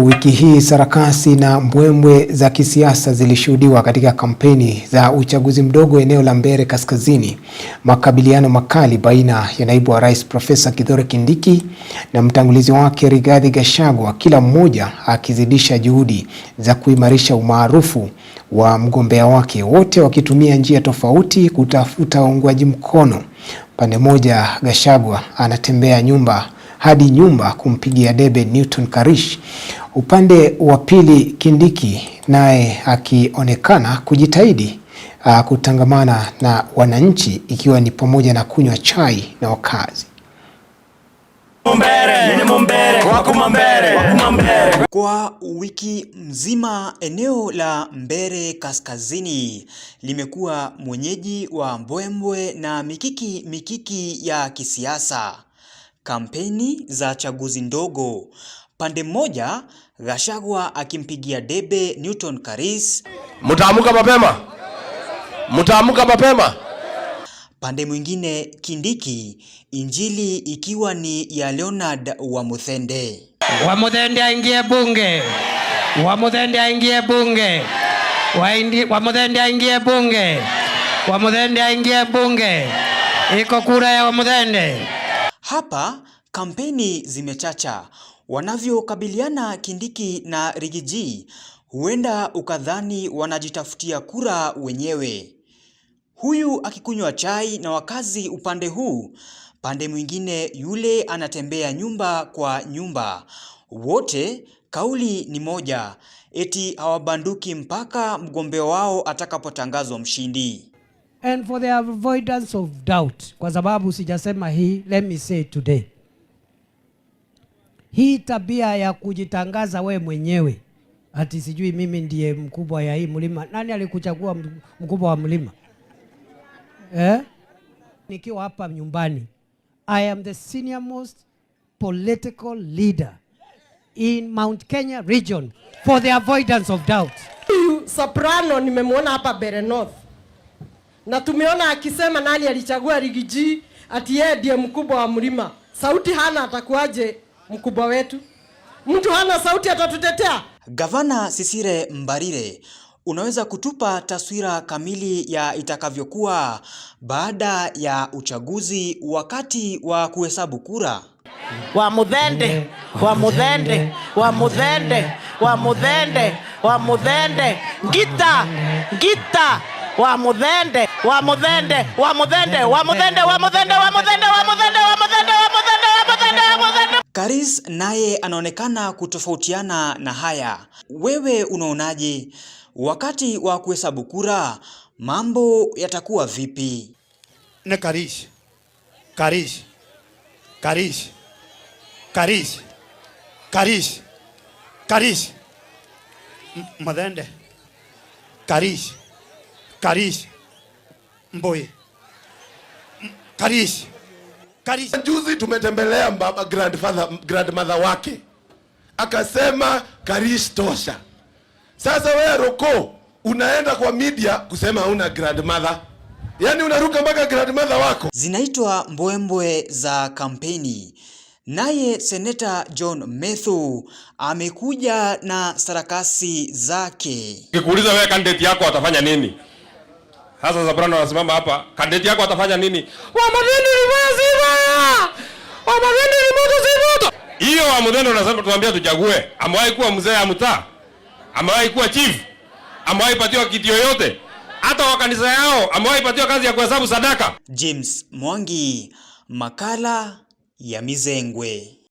Wiki hii sarakasi na mbwembwe za kisiasa zilishuhudiwa katika kampeni za uchaguzi mdogo eneo la Mbeere Kaskazini. Makabiliano makali baina ya naibu wa rais Profesa Kithure Kindiki na mtangulizi wake Rigathi Gachagua, kila mmoja akizidisha juhudi za kuimarisha umaarufu wa mgombea wake, wote wakitumia njia tofauti kutafuta uungwaji mkono. Pande moja, Gachagua anatembea nyumba hadi nyumba kumpigia debe Newton Karish. Upande wa pili, Kindiki naye akionekana kujitahidi uh, kutangamana na wananchi ikiwa ni pamoja na kunywa chai na wakazi. Kwa wiki mzima eneo la Mbere Kaskazini limekuwa mwenyeji wa mbwembwe na mikiki mikiki ya kisiasa. Kampeni za chaguzi ndogo. Pande mmoja Gachagua akimpigia debe Newton Karis. Mtaamuka mapema, mtaamka mapema. Pande mwingine Kindiki, injili ikiwa ni ya Leonard Wamuthende. Wamuthende aingie bunge, Wamuthende aingie bunge, Wamuthende aingie bunge, Wamuthende aingie bunge, iko kura ya Wamuthende. Hapa kampeni zimechacha. Wanavyokabiliana Kindiki na Rigiji, huenda ukadhani wanajitafutia kura wenyewe. Huyu akikunywa chai na wakazi upande huu, pande mwingine yule anatembea nyumba kwa nyumba. Wote kauli ni moja, eti hawabanduki mpaka mgombea wao atakapotangazwa mshindi and for the avoidance of doubt, kwa sababu sijasema hii, let me say today, hii tabia ya kujitangaza we mwenyewe ati sijui mimi ndiye mkubwa ya hii mlima. Nani alikuchagua mkubwa wa mlima eh? Nikiwa hapa nyumbani, I am the senior most political leader in Mount Kenya region for the avoidance of doubt. Soprano nimemwona hapa Bere North na tumeona akisema nani alichagua Rigiji ati yeye ndiye mkubwa wa mlima. Sauti hana atakuwaje mkubwa wetu? Mtu hana sauti atatutetea? Gavana Sisire Mbarire, unaweza kutupa taswira kamili ya itakavyokuwa baada ya uchaguzi wakati wa kuhesabu kura? Wa mudhende, wa mudhende, wa mudhende, wa mudhende, wa mudhende, ngita, ngita wa mudhende wa mudhende wa mudhende wa mudhende wa mudhende wa mudhende wa mudhende wa mudhende wa mudhende wa mudhende wa mudhende. Karis naye anaonekana kutofautiana na haya. Wewe unaonaje, wakati wa kuhesabu kura mambo yatakuwa vipi? Ne Karis Karis Karis Karis Karis Karis mudhende Karis Karishi Mboye Karishi Karishi. Juzi tumetembelea baba grandfather grandmother wake akasema karish tosha. Sasa wewe Roko unaenda kwa media kusema hauna grandmother, yani unaruka mpaka grandmother wako. Zinaitwa mbwembwe za kampeni. Naye seneta John Methu amekuja na sarakasi zake. Kikuuliza wewe candidate yako atafanya nini? Sasa Zabrano anasimama hapa, kandidati yako atafanya nini? Wamadheni ni sifa. Wamadheni ni moto sifa. Hiyo wamadheni unasema tuambia tuchague. Amewahi kuwa mzee ya mtaa? Amewahi kuwa chief? Amewahi patiwa kitu yoyote? Hata wa kanisa yao amewahi patiwa kazi ya kuhesabu sadaka? James Mwangi, makala ya Mizengwe.